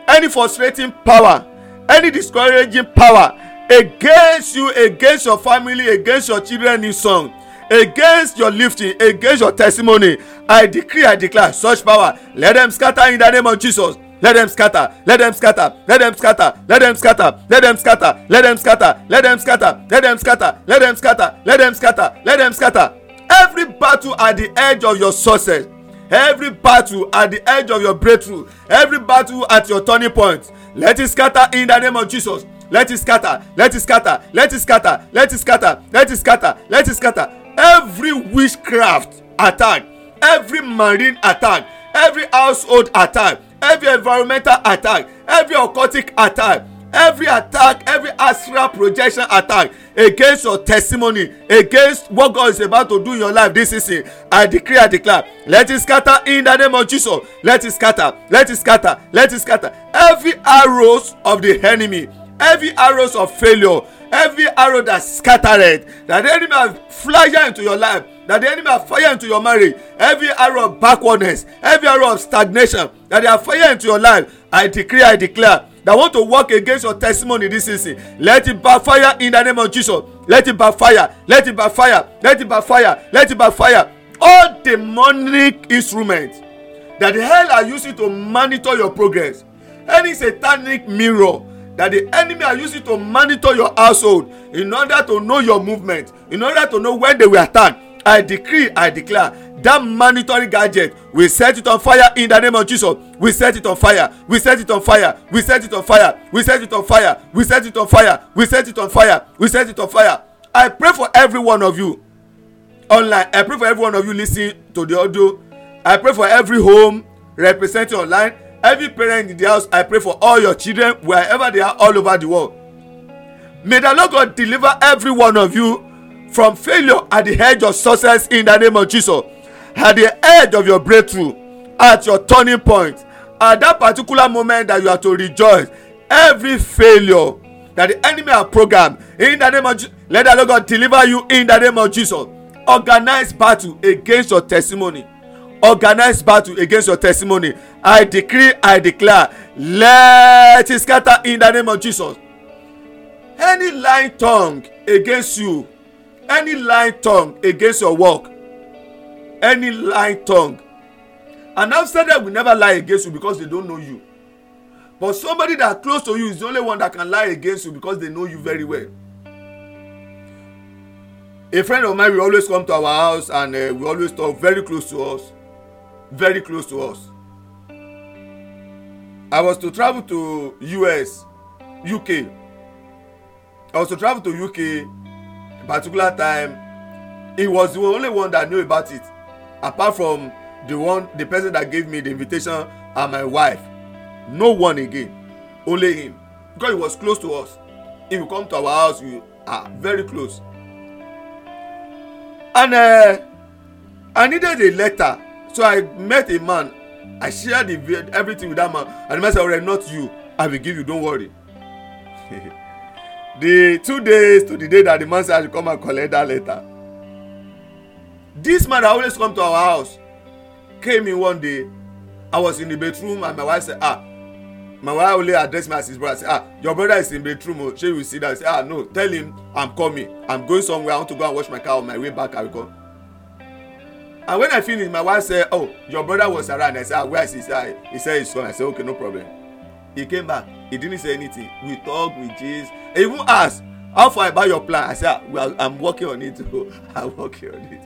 any frustrating power any discouraging power against you against your family against your children in song against your lifting against your testimony i declare i declare such power let them scatter in the name of jesus let them scatter let them scatter let them scatter let them scatter let them scatter let them scatter let them scatter let them scatter let them scatter let them scatter let them scatter every battle at the edge of your success every battle at the edge of your breakthrough every battle at your turning point let it scatter in the name of jesus let it scatter let it scatter let it scatter let it scatter let it scatter let it scatter every witchcraft attack every marine attack every household attack every environmental attack every occultic attack every attack every astral projection attack against your testimony against what God is about to do in your life this season I declare I declare let it scatter in the name of Jesus let it scatter let it scatter let it scatter every arrows of the enemy every arrows of failure every arrow that scattered that the enemy have flashed into your life that the enemy have fire into your marriage every arrow of backwardness every arrow of stagnation that they have fire into your life i declare i declare that want to work against your testimony this season let it backfire in the name of jesus let it backfire let it backfire let it backfire let it backfire all demonic instruments that hell are using to monitor your progress any satanic mirror that the enemy are using to monitor your household in order to know your movement in order to know when they will attack i decree i declare that monitoring gadget we set it on fire in the name of jesus we set it on fire we set it on fire we set it on fire we set it on fire we set it on fire we set it on fire we set it on fire i pray for every one of you online i pray for every one of you lis ten to the audio i pray for every home represented online Every parent in the house, I pray for all your children, wherever they are, all over the world. May the Lord God deliver every one of you from failure at the edge of success in the name of Jesus. At the edge of your breakthrough, at your turning point, at that particular moment that you are to rejoice, every failure that the enemy have programmed in the name of Jesus, let the Lord God deliver you in the name of Jesus. Organize battle against your testimony organized battle against your testimony i decree i declare let it scatter in the name of jesus any lying tongue against you any lying tongue against your work any lying tongue and I've say that will never lie against you because they don't know you but somebody that close to you is the only one that can lie against you because they know you very well a friend of mine will always come to our house and uh, we always talk very close to us very close to us i was to travel to us uk i was to travel to uk particular time he was the only one that knew about it apart from the one the person that gave me the invitation and my wife no one again only him because he was close to us if you come to our house you are very close and uh, i needed a letter so i met a man i shared everything with that man and the man said alright not you i will give you don't worry the two days to the day that the man said i should come and collect that letter this man that always come to our house came in one day i was in the bedroom and my wife say ah my wife only address me as his brother say ah your brother is in bedroom o oh, shey you see that say ah no tell him i'm coming i'm going somewhere i want to go and wash my car on my way back i will come And when I finished, my wife said, Oh, your brother was around. I said, ah, Where is he? He said, His son. I said, Okay, no problem. He came back. He didn't say anything. We talked, we jizzed. He even asked, How far about your plan? I said, Well, I'm working on it. I'm working on it.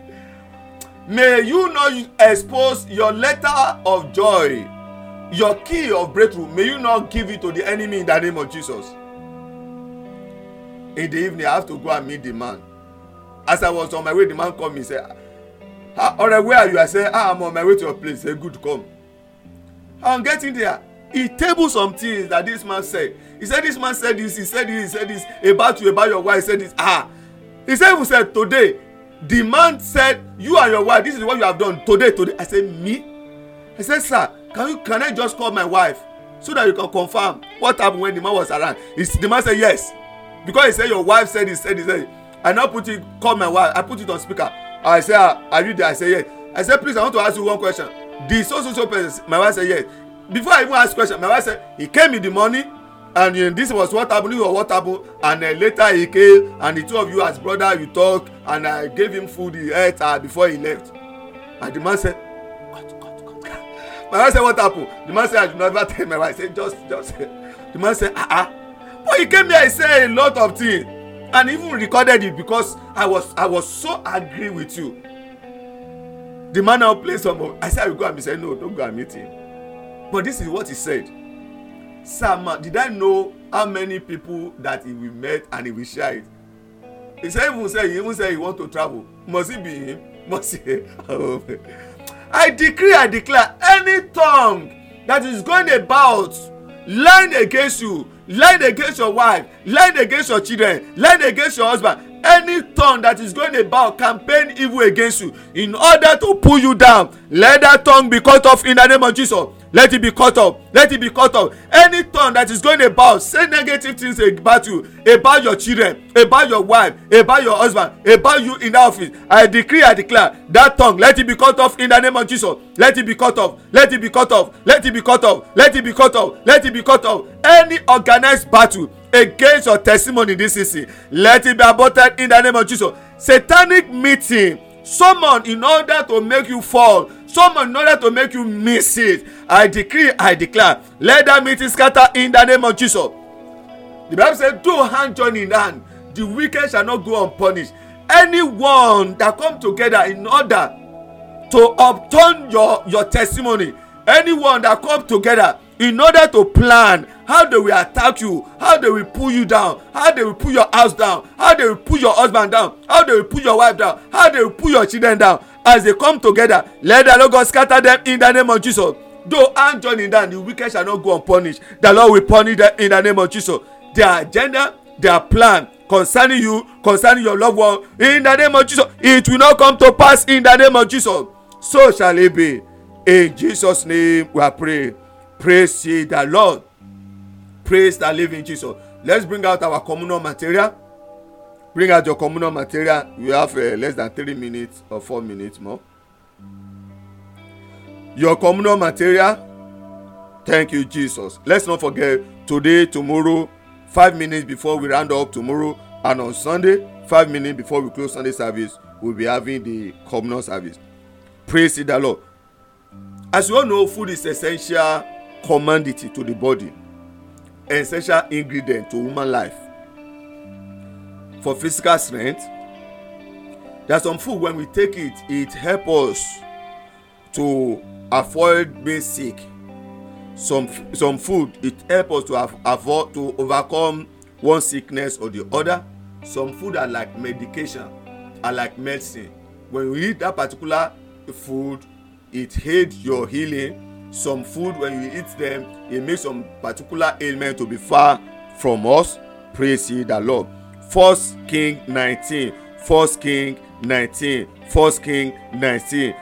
May you not expose your letter of joy, your key of breakthrough. May you not give it to the enemy in the name of Jesus. In the evening, I have to go and meet the man. As I was on my way, the man called me and said, ah alright where are you i say ah i'm on my way to your place say good come on getting there he table some things that this man said he said this man said this he said this he said this about you about your wife he said this ah he say even say today the man said you and your wife this is what you have done today today i say me i say sir can you can i just call my wife so that you can confirm what happen when the man was around he the man say yes because he say your wife said this said this said this i now put it call my wife i put it on speaker I say, Are ah, you there? I say, Yes. I say, Please, I want to ask you one question. The so so so person, my wife said, Yes. Before I even ask question, my wife said, He came in the money, and uh, this was what happened this was what happened and uh, later he came and the two of you as brother you talk and i gave him food he ate uh, before he left and the man said cut cut cut my wife said what happened the man said i should never tell my wife I said just just the man said ah ah but he came here he said a lot of things and even recorded it because i was i was so angry with you the man now play some of i say i will go and he said no don't go and meet him but this is what he said sama did i know how many people that he will meet and he will share it he say even say he even say he want to travel must it be him must he oh, i declare i declare any tongue that is going about lying against you lying against your wife lying against your children lying against your husband any tongue that is going about campaign evil against you in order to pull you down let that tongue be cut off in the name of jesus let it be cut off let it be cut off any tongue that is going about say negative things about you about your children about your wife about your husband about you in that office i declare i declare that tongue let it be cut off in the name of jesus let it be cut off let it be cut off let it be cut off let it be cut off let it be cut off any organized battle against your testimony this season let it be aborted in the name of jesus satanic meeting summon in order to make you fall so much in order to make you miss it i decree i declare let that meeting scatter in the name of jesus the bible say two hand join in hand the wicked shall not go unpunished anyone that come together in order to upturn your your testimony anyone that come together in order to plan how they will attack you how they will pull you down how they will pull your house down how they will pull your husband down how they will pull your wife down how they will pull your children down as they come together let the lord god scatter them in the name of jesus though hand in down the wicked shall not go unpunished the lord will punish them in the name of jesus their agenda their plan concerning you concerning your loved one in the name of jesus it will not come to pass in the name of jesus so shall it be in jesus name we are praying praise ye the lord praise the living jesus let's bring out our communal material bring out your communal material you have uh, less than three minutes or four minutes more your communal material thank you jesus let's not forget today tomorrow five minutes before we round up tomorrow and on sunday five minutes before we close sunday service we'll be having the communal service praise the lord as you all know food is essential commodity to the body essential ingredient to human life for physical strength there are some food when we take it it help us to avoid being sick some some food it help us to av avoid to overcome one sickness or the other some food are like medication are like medicine when you eat that particular food it aid your healing some food when you eat them e make some particular ailment to be far from us praise ye the lord first king nineteen first king nineteen first king nineteen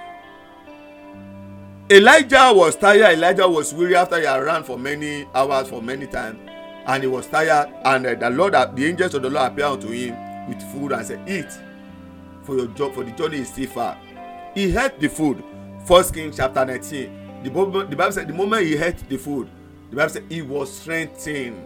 elijah was tired elijah was weary after he had ran for many hours for many times and he was tired and uh, the lord the angels of the lord appeared unto him with food and said eat for your job for the journey is still far he ate the food first king chapter nineteen the bible the bible said the moment he ate the food the bible said he was strengthened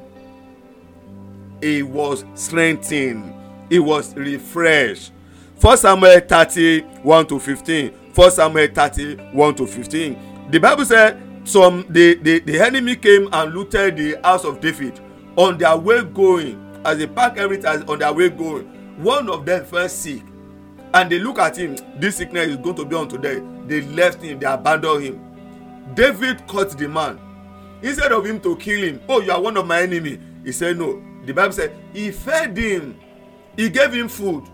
he was strengthened he was refreshed first samuel thirty one to fifteen. fifteen first samuel thirty one to fifteen the bible said some the, the the enemy came and looted the house of david on their way going as they pack everything as on their way going one of them fell sick and they look at him this sickness is going to be on today. they left him they abandon him david caught the man instead of him to kill him oh you are one of my enemy he said no the bible said he fed him he gave him food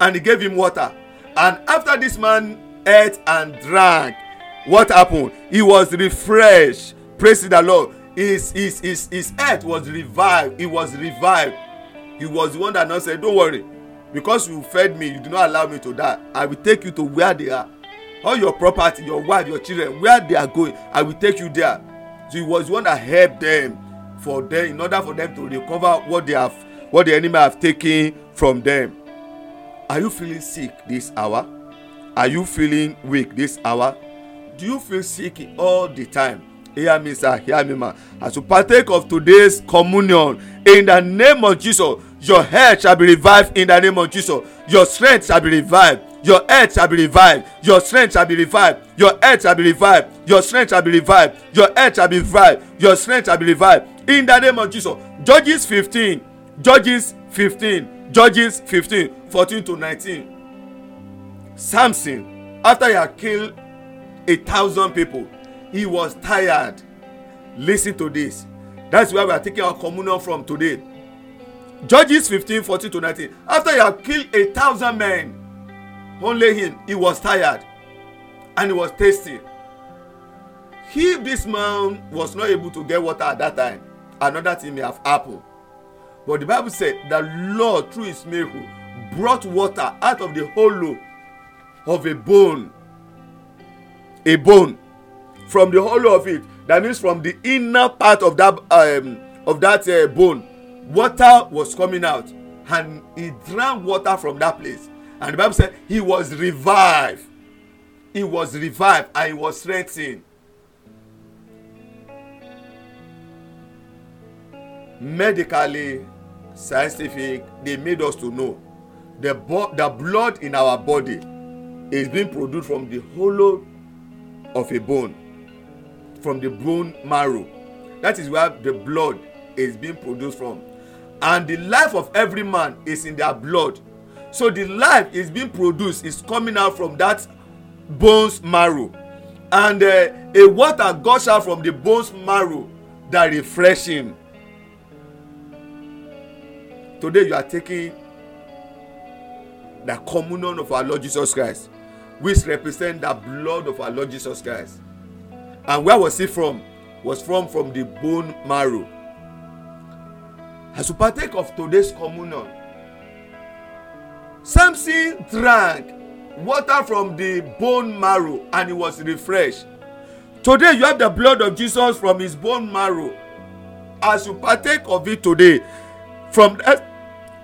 and he gave him water and after this man ate and drank what happened he was refreshed praise the lord his his his his earth was revived he was revived he was the one that now said don't worry because you fed me you do not allow me to die i will take you to where they are all your property your wife your children where they are going i will take you there so he was the one that helped them for them in order for them to recover what they have what the enemy have taken from them are you feeling sick this hour are you feeling weak this hour do you feel sick all the time hear me sir hear me ma as you partake of today's communion in the name of jesus your health shall be revived in the name of jesus your strength shall be revived your health shall be revived your strength shall be revived your health shall be revived your strength shall be revived your health shall be revived your strength shall be revived in the name of jesus judges fifteen judges fifteen judges fifteen fourteen to nineteen samson after he had killed a thousand people he was tired listen to this that's where we are taking our communion from today judges fifteen fourteen to nineteen after he had killed a thousand men only him he was tired and he was thirsty if this man was not able to get water at that time another thing may have happened but the bible said that lord through his miracle brought water out of the hollow of a bone a bone from the hollow of it that means from the inner part of that um, of that uh, bone water was coming out and he drank water from that place and the Bible said he was revived. He was revived and he was strengthened. Medically, scientific, they made us to know the, the blood in our body is being produced from the hollow of a bone, from the bone marrow. That is where the blood is being produced from. And the life of every man is in their blood so the life is being produced is coming out from that bones marrow and uh, a water gush out from the bones marrow that him. today you are taking the communion of our lord jesus christ which represent the blood of our lord jesus christ and where was it from was from from the bone marrow as you partake of today's communion Samson drank water from the bone marrow and he was refreshed. Today you have the blood of Jesus from his bone marrow. As you partake of it today, from that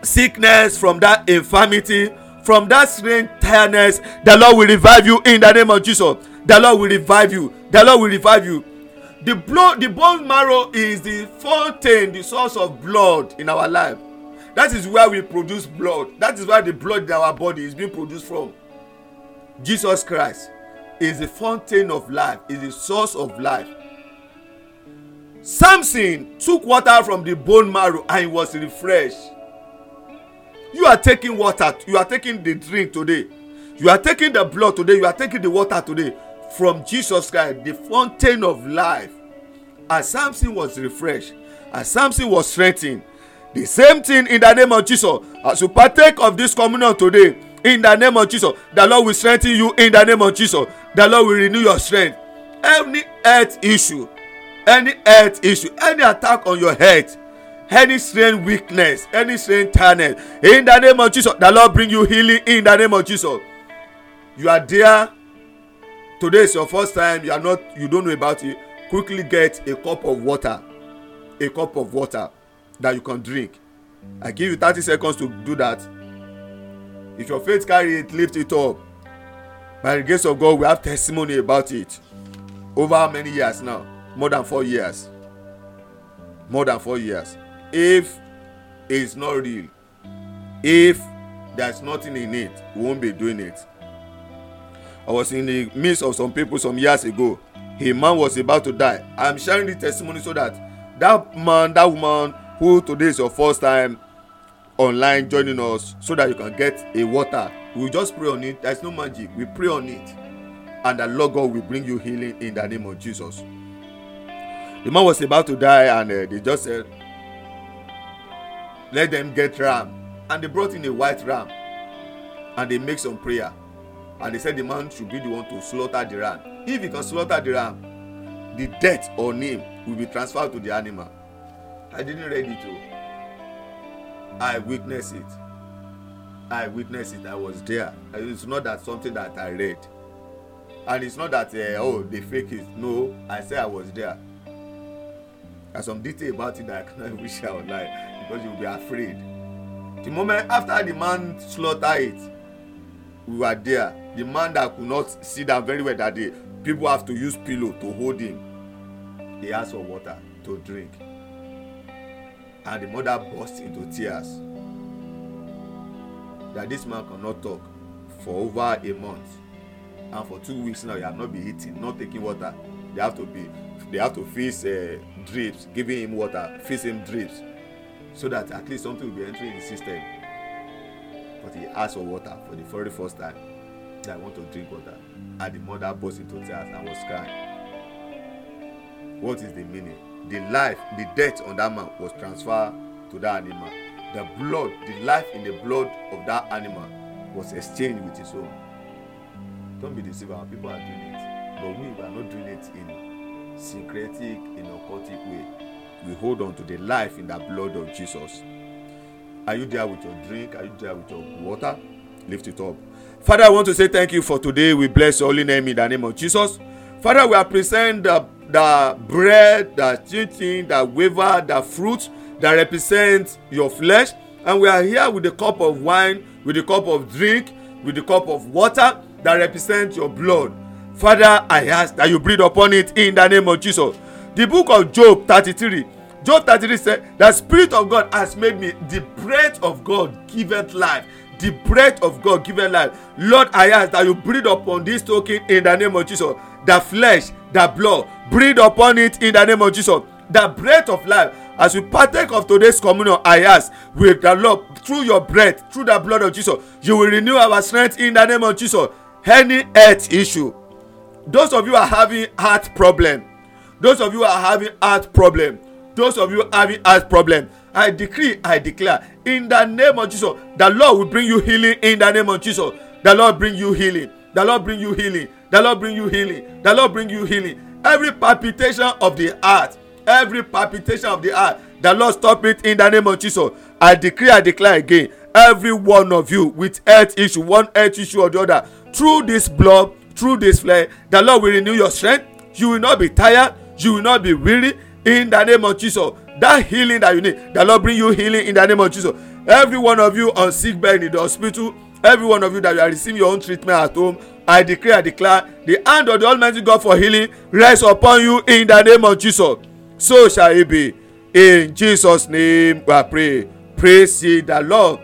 sickness, from that infirmity, from that strange tiredness, the Lord will revive you in the name of Jesus. The Lord will revive you. The Lord will revive you. The blood, the bone marrow is the fountain, the source of blood in our life that is where we produce blood that is where the blood in our body is being produced from jesus christ is the fountain of life is the source of life samson took water from the bone marrow and he was refreshed you are taking water you are taking the drink today you are taking the blood today you are taking the water today from jesus christ the fountain of life as samson was refreshed as samson was strengthened the same thing in the name of Jesus. As you partake of this communion today, in the name of Jesus, the Lord will strengthen you in the name of Jesus. The Lord will renew your strength. Any health issue, any health issue, any attack on your head, any strange weakness, any strange tiredness, in the name of Jesus, the Lord bring you healing in the name of Jesus. You are there. Today is your first time. You are not. You don't know about it. Quickly get a cup of water. A cup of water that you can drink i give you thirty seconds to do that if your faith carry it lift it up by the grace of god we have testimony about it over how many years now more than four years more than four years if it's not real if there's nothing in it we won't be doing it i was in the midst of some people some years ago a man was about to die i'm sharing the testimony so that that man that woman who today is your first time online joining us so that you can get a water we just pray on it there is no magic we pray on it and that lord god will bring you healing in the name of jesus the man was about to die and uh, they just said let them get ram and they brought in a white ram and they make some prayer and they said the man should be the one to slaughter the ram if he can slaughter the ram the death or name will be transferred to the animal I didn't read it o oh. I witnessed it I witnessed it I was there it's not that something that I read and it's not that uh, oh they fake it no I say I was there and some detail about it that I cannot wish I would lie because you will be afraid the moment after the man slaughter it we were there the man that could not see that very well that day people have to use pillow to hold him he asked for water to drink and the mother burst into tears that this man cannot talk for over a month and for two weeks now he have not been eating not taking water they have to be they have to fix uh, eh, drips giving him water fix him drips so that at least something will be entering the system but he ask for water for the very first time that i want to drink water and the mother burst into tears and was crying what is the meaning the life the death on that man was transferred to that animal the blood the life in the blood of that animal was exchanged with his own don't be deceived our people are doing it but we are not doing it in syncretic in occultic way we hold on to the life in the blood of jesus are you there with your drink are you there with your water lift it up father i want to say thank you for today we bless your holy name in the name of jesus Father, we are present the, the bread, the chinchin, the waver, the fruit that represents your flesh. And we are here with the cup of wine, with the cup of drink, with the cup of water that represents your blood. Father, I ask that you breathe upon it in the name of Jesus. The book of Job 33. Job 33 said, The Spirit of God has made me, the breath of God giveth life the breath of God given life. Lord, I ask that you breathe upon this token in the name of Jesus that flesh, that blood. Breathe upon it in the name of Jesus. That breath of life. As we partake of today's communion, I ask with the Lord, through your breath, through the blood of Jesus, you will renew our strength in the name of Jesus. Any health issue, those of you are having heart problem, those of you are having heart problem, those of you having heart problem, I decree, I declare, in the name of Jesus, the Lord will bring you healing in the name of Jesus. The Lord bring you healing the Lord bring you healing. The Lord bring you healing. The Lord bring you healing. Every palpitation of the heart, every palpitation of the heart, the Lord stop it in the name of Jesus. I decree, I declare again, every one of you with health issue, one health issue or the other, through this blood, through this flesh, the Lord will renew your strength. You will not be tired. You will not be weary. In the name of Jesus, that healing that you need, the Lord bring you healing in the name of Jesus. Every one of you on sick bed in the hospital every one of you that you are receiving your own treatment at home i declare i declare the hand of the almighty god for healing rest upon you in the name of jesus so shall it be in jesus name we pray praise ye the lord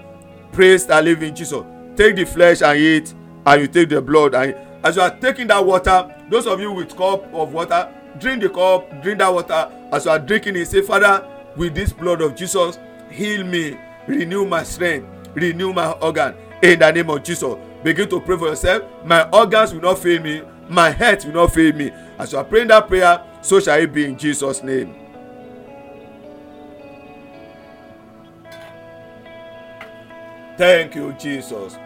praise the living jesus take the flesh and eat and you take the blood and as you are taking that water those of you with cup of water drink the cup drink that water as you are drinking it say father with this blood of jesus heal me renew my strength renew my organ in the name of jesus begin to pray for yourself my organs will not fail me my health will not fail me as you are praying that prayer so shall it be in jesus name. thank you jesus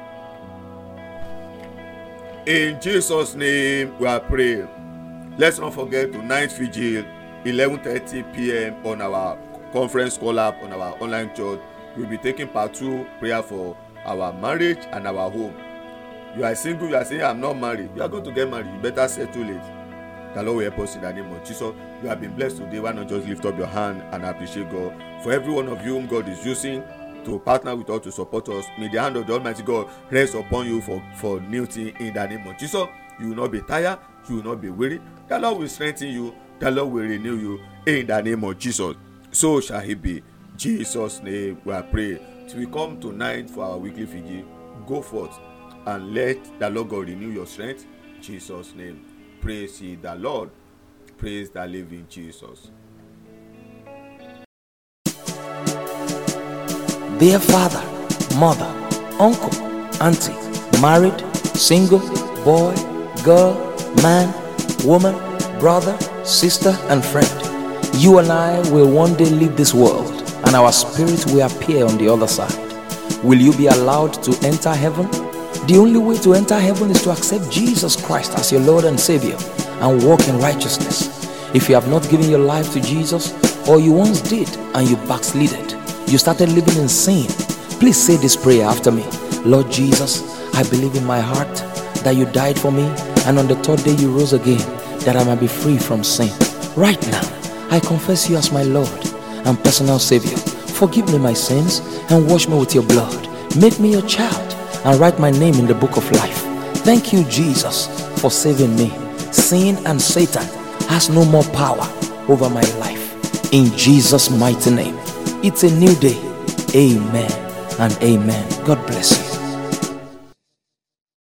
in jesus name we are praying let's not forget tonight's vigil eleven thirty pm on our conference call up on our online church we will be taking part two prayer for our marriage and our home you are single you are saying i am not married you are going to get married you better settle it the lord will help us in the name of jesus you have been blessed today why not just lift up your hand and appreciate god for every one of you whom god is using to partner with us to support us may the hand of the almighty god rest upon you for for new thing in the name of jesus you will not be tired you will not be weary the lord will strengthen you the lord will renew you in the name of jesus so shall he be jesus name we are praying till we come tonight for our weekly fiji go forth and let the lord god renew your strength jesus name praise ye the lord praise the living jesus. Dear father, mother, uncle, auntie, married, single, boy, girl, man, woman, brother, sister, and friend. You and I will one day leave this world and our spirit will appear on the other side. Will you be allowed to enter heaven? The only way to enter heaven is to accept Jesus Christ as your Lord and Savior and walk in righteousness. If you have not given your life to Jesus, or you once did and you backslided, you started living in sin, please say this prayer after me Lord Jesus, I believe in my heart that you died for me, and on the third day you rose again, that I might be free from sin. Right now, I confess you as my Lord and personal Savior. Forgive me my sins and wash me with your blood. Make me your child and write my name in the book of life. Thank you, Jesus, for saving me. Sin and Satan has no more power over my life. In Jesus' mighty name, it's a new day. Amen and amen. God bless you.